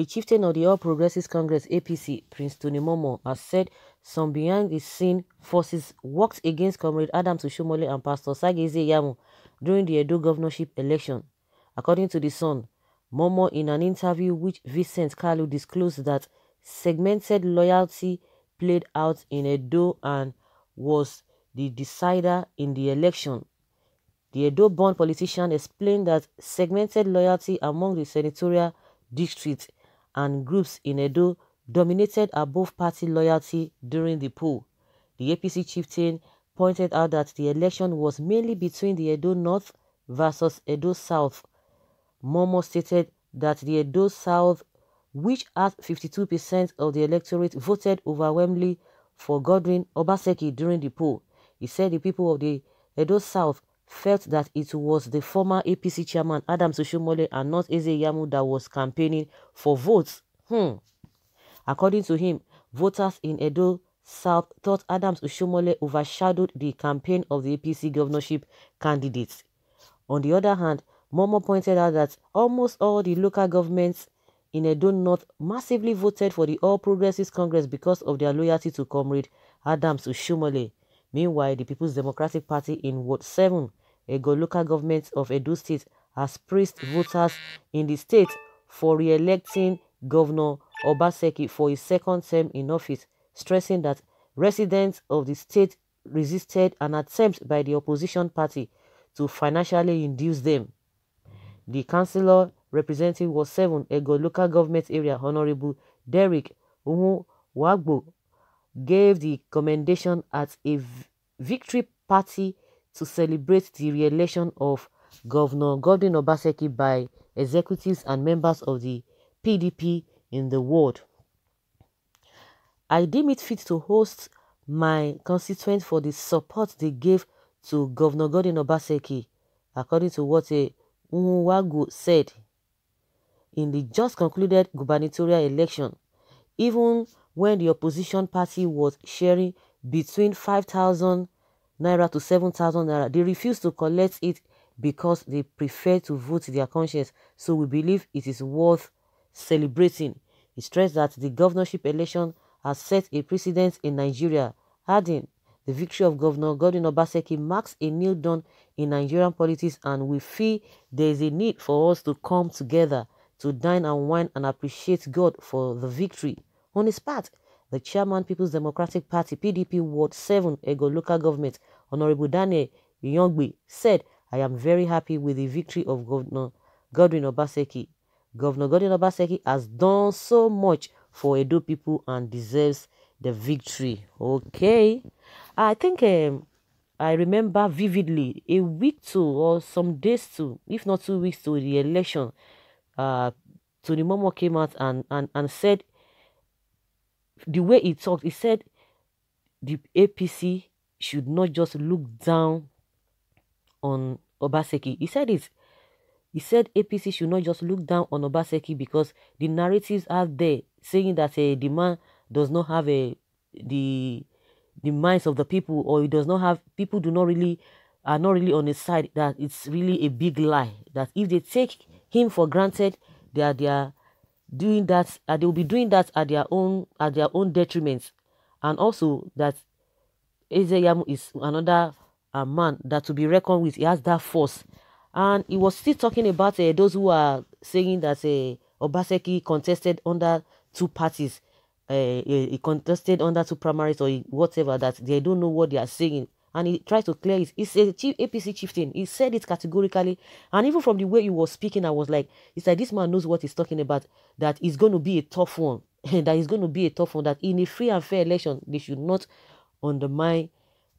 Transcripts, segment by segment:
A chieftain of the All Progressives Congress APC, Prince Tony Momo, has said some behind-the-scene forces worked against Comrade Adams Oshomole and Pastor Sageze Yamu during the Edo governorship election. According to The Sun, Momo, in an interview which Vincent Kalu disclosed that segmented loyalty played out in Edo and was the decider in the election. The Edo-born politician explained that segmented loyalty among the senatorial districts and groups in Edo dominated above party loyalty during the poll, the APC chieftain pointed out that the election was mainly between the Edo North versus Edo South. Momo stated that the Edo South, which had 52% of the electorate, voted overwhelmingly for Godwin Obaseki during the poll. He said the people of the Edo South felt that it was the former APC chairman Adams Oshomole and not Eze Yamu that was campaigning for votes. Hmm. According to him, voters in Edo South thought Adams Oshomole overshadowed the campaign of the APC governorship candidates. On the other hand, Momo pointed out that almost all the local governments in Edo North massively voted for the All Progressives Congress because of their loyalty to comrade Adams Oshomole. Meanwhile, the People's Democratic Party in Ward 7 Ego local government of Edo State has praised voters in the state for re-electing Governor Obaseki for his second term in office, stressing that residents of the state resisted an attempt by the opposition party to financially induce them. The councillor representing was 7 Ego local government area Honorable Derek Umuwagbo gave the commendation at a victory party to celebrate the re-election of Governor Gordon Obaseki by executives and members of the PDP in the ward. I deem it fit to host my constituents for the support they gave to Governor Gordon Obaseki, according to what a Unwagu said in the just concluded gubernatorial election, even when the opposition party was sharing between 5,000 naira to 7,000 naira. They refuse to collect it because they prefer to vote their conscience, so we believe it is worth celebrating. He stressed that the governorship election has set a precedent in Nigeria, adding, the victory of Governor Godwin Obaseki marks a new dawn in Nigerian politics and we feel there is a need for us to come together to dine and wine and appreciate God for the victory. On his part, the chairman People's Democratic Party PDP Ward 7 Ego local government, Honorable Daniel Yongbe, said, I am very happy with the victory of Governor Godwin Obaseki. Governor Godwin Obaseki has done so much for Edo people and deserves the victory. Okay. I think um, I remember vividly a week to or some days to, if not two weeks to the election, uh, Tony Momo came out and, and, and said the way he talked, he said the APC should not just look down on Obaseki. He said it. He said APC should not just look down on Obaseki because the narratives out there saying that a uh, eh, the man does not have a eh, the the minds of the people or he does not have people do not really are not really on his side that it's really a big lie that if they take him for granted they are they are doing that uh, they will be doing that at their own at their own detriment and also that Ezeyamu is another uh, man that to be reckoned with he has that force and he was still talking about uh, those who are saying that uh, Obaseki contested under two parties uh, he contested under two primaries or whatever that they don't know what they are saying and he tried to clear it. He's a chief APC chieftain. He said it categorically. And even from the way he was speaking, I was like, it's like this man knows what he's talking about, that it's going to be a tough one. That it's going to be a tough one. That in a free and fair election, they should not undermine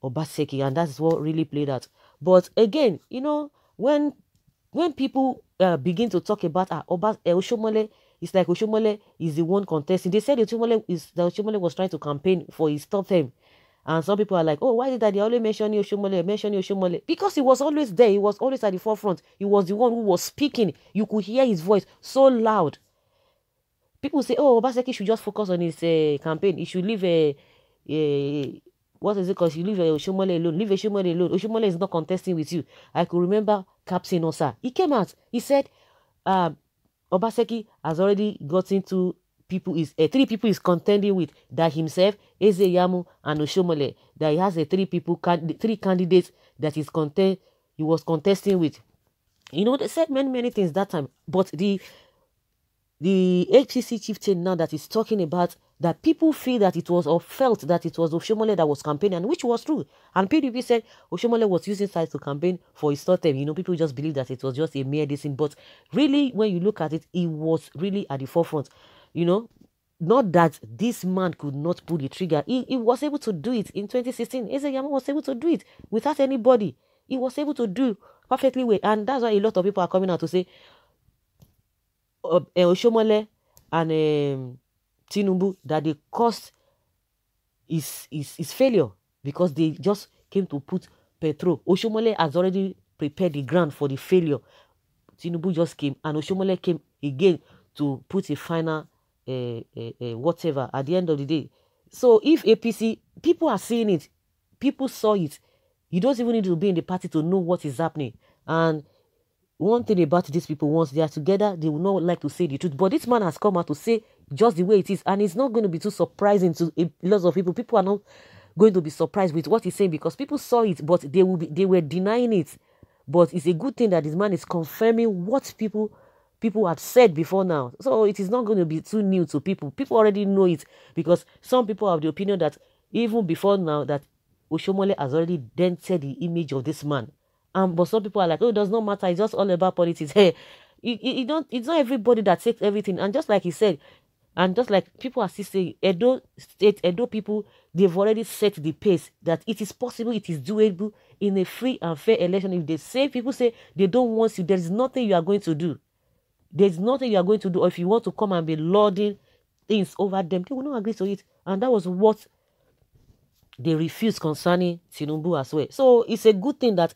Obaseki. And that's what really played out. But again, you know, when when people uh, begin to talk about uh, ah, Obas uh, eh, Oshomole, it's like Oshomole is the one contesting. They said Oshomole is that Oshomole was trying to campaign for his top term and some people are like, oh, why did that? They always mention Yoshimole, mention Yoshimole. Because he was always there. He was always at the forefront. He was the one who was speaking. You could hear his voice so loud. People say, oh, Obaseki should just focus on his uh, campaign. He should leave a... Eh, a eh, what is it Cause You leave Oshomole alone. Leave Oshomole alone. Oshomole is not contesting with you. I could remember Captain Osa. He came out. He said, um, Obaseki has already gotten into." people is eh, three people is contending with that himself, Ezeyamu and Oshomole. That he has a three people can, three candidates that is contend he was contesting with. You know, they said many many things that time, but the the HCC chieftain now that is talking about that people feel that it was or felt that it was Oshomole that was campaigning, which was true. And PDP said Oshomole was using sides to campaign for his third term. You know, people just believe that it was just a mere dissing. But really, when you look at it, it was really at the forefront you know, not that this man could not pull the trigger. He, he was able to do it in 2016. Ezeyama was able to do it without anybody. He was able to do perfectly well. And that's why a lot of people are coming out to say uh Oshomole and um, Tinubu that they caused his, his, his failure because they just came to put petrol. Oshomole has already prepared the ground for the failure. Tinubu just came and Oshomole came again to put a final whatever at the end of the day. So if APC, people are seeing it, people saw it. You don't even need to be in the party to know what is happening. And one thing about these people, once they are together, they will not like to say the truth. But this man has come out to say just the way it is, and it's not going to be too surprising to lots of people. People are not going to be surprised with what he's saying because people saw it, but they will be they were denying it. But it's a good thing that this man is confirming what people people have said before now. So it is not going to be too new to people. People already know it because some people have the opinion that even before now that Oshomole has already dented the image of this man. Um, but some people are like, oh, it does not matter. It's just all about politics. Hey, you don't. It's not everybody that takes everything. And just like he said, and just like people are still saying, Edo state, Edo people, they've already set the pace that it is possible, it is doable in a free and fair election. If the same people say they don't want you, there is nothing you are going to do. There's nothing you are going to do. Or if you want to come and be lording things over them, they will not agree to it. And that was what they refused concerning Tinubu as well. So it's a good thing that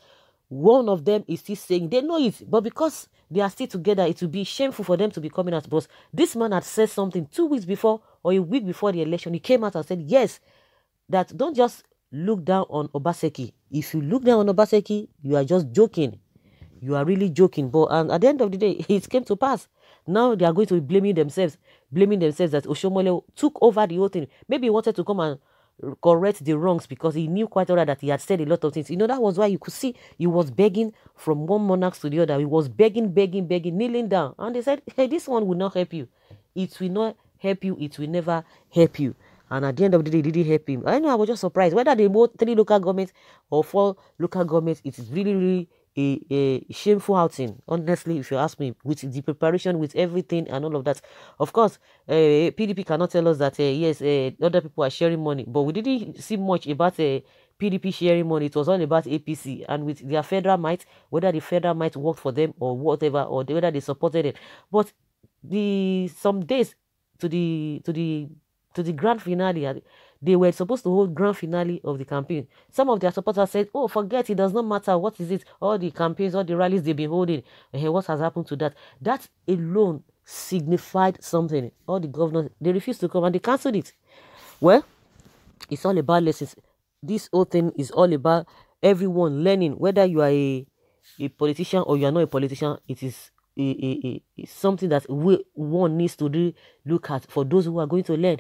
one of them is still saying they know it, but because they are still together, it will be shameful for them to be coming out. both. this man had said something two weeks before or a week before the election. He came out and said, Yes, that don't just look down on Obaseki. If you look down on Obaseki, you are just joking you are really joking. But and um, at the end of the day, it came to pass. Now they are going to be blaming themselves, blaming themselves that Oshomole took over the whole thing. Maybe he wanted to come and correct the wrongs because he knew quite well that he had said a lot of things. You know, that was why you could see he was begging from one monarch to the other. He was begging, begging, begging, kneeling down. And they said, hey, this one will not help you. It will not help you. It will never help you. And at the end of the day, didn't help him. I know I was just surprised. Whether they both three local governments or four local governments, it's really, really a, a shameful outing honestly if you ask me with the preparation with everything and all of that of course uh, eh, pdp cannot tell us that uh, yes uh, other people are sharing money but we didn't see much about uh, pdp sharing money it was all about apc and with their federal might whether the federal might worked for them or whatever or whether they supported it but the some days to the to the to the grand finale they were supposed to hold grand finale of the campaign. Some of their supporters said, oh, forget, it does not matter. What is it? All the campaigns, all the rallies they've been holding. Hey, what has happened to that? That alone signified something. All the governors, they refused to come and they cancelled it. Well, it's all about lessons. This whole thing is all about everyone learning, whether you are a, a politician or you are not a politician, it is a, a, a, something that we, one needs to really look at for those who are going to learn.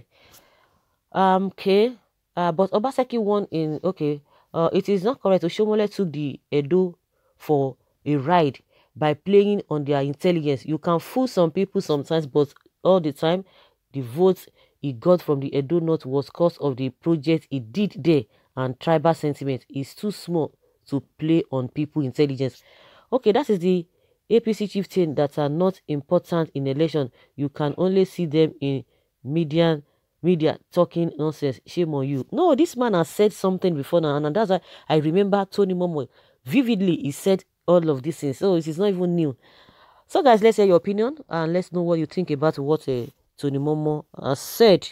Um, okay, uh, but Obaseki won in, okay, uh, it is not correct. Oshomole took the Edo for a ride by playing on their intelligence. You can fool some people sometimes, but all the time, the votes he got from the Edo North was cause of the project he did there and tribal sentiment is too small to play on people intelligence. Okay, that is the APC chieftain that are not important in election. You can only see them in median media talking nonsense. Shame on you. No, this man has said something before now, and that's why I remember Tony Momo vividly. He said all of these things. So it is not even new. So, guys, let's hear your opinion and let's know what you think about what uh, Tony Momo has said.